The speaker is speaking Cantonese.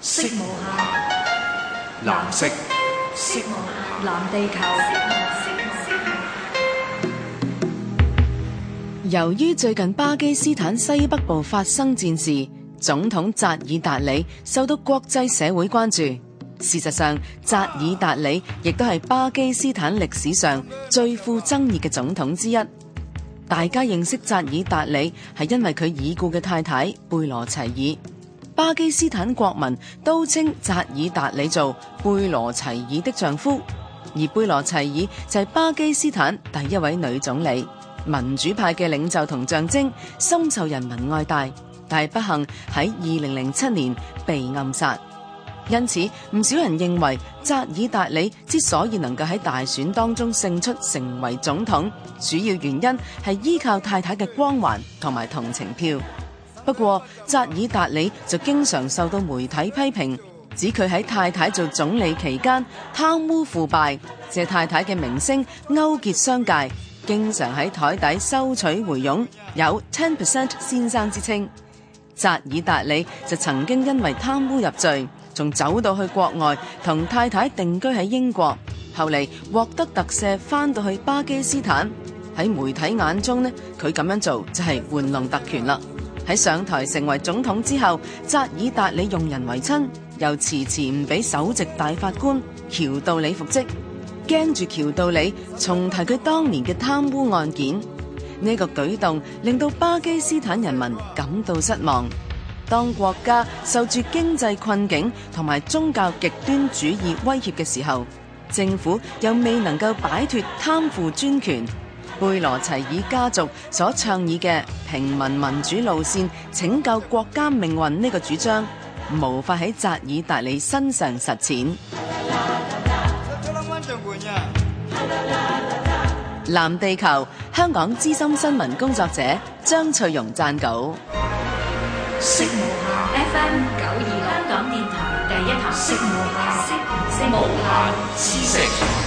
色無限，藍色，色無限藍地球。由於最近巴基斯坦西北部發生戰事，總統扎爾達里受到國際社會關注。事實上，扎爾達里亦都係巴基斯坦歷史上最富爭議嘅總統之一。大家認識扎爾達里，係因為佢已故嘅太太貝羅齊爾。巴基斯坦國民都稱扎爾達里做貝羅齊爾的丈夫，而貝羅齊爾就係巴基斯坦第一位女總理，民主派嘅領袖同象徵，深受人民愛戴，但係不幸喺二零零七年被暗殺。因此唔少人認為扎爾達里之所以能夠喺大選當中勝出成為總統，主要原因係依靠太太嘅光環同埋同情票。不過，扎爾達里就經常受到媒體批評，指佢喺太太做總理期間貪污腐敗，借太太嘅名聲勾結商界，經常喺台底收取回傭，有 ten percent 先生之稱。扎爾達里就曾經因為貪污入罪，仲走到去國外同太太定居喺英國，後嚟獲得特赦，翻到去巴基斯坦。喺媒體眼中呢，佢咁樣做就係玩弄特權啦。喺上台成為總統之後，扎爾達里用人為親，又遲遲唔俾首席大法官喬道理復職，驚住喬道理重提佢當年嘅貪污案件。呢個舉動令到巴基斯坦人民感到失望。當國家受住經濟困境同埋宗教極端主義威脅嘅時候，政府又未能夠擺脱貪腐專權。貝羅齊爾家族所倡議嘅平民民主路線，拯救國家命運呢個主張，無法喺扎爾達里身上實踐。 藍地球，香港資深新聞工作者張翠蓉撰稿。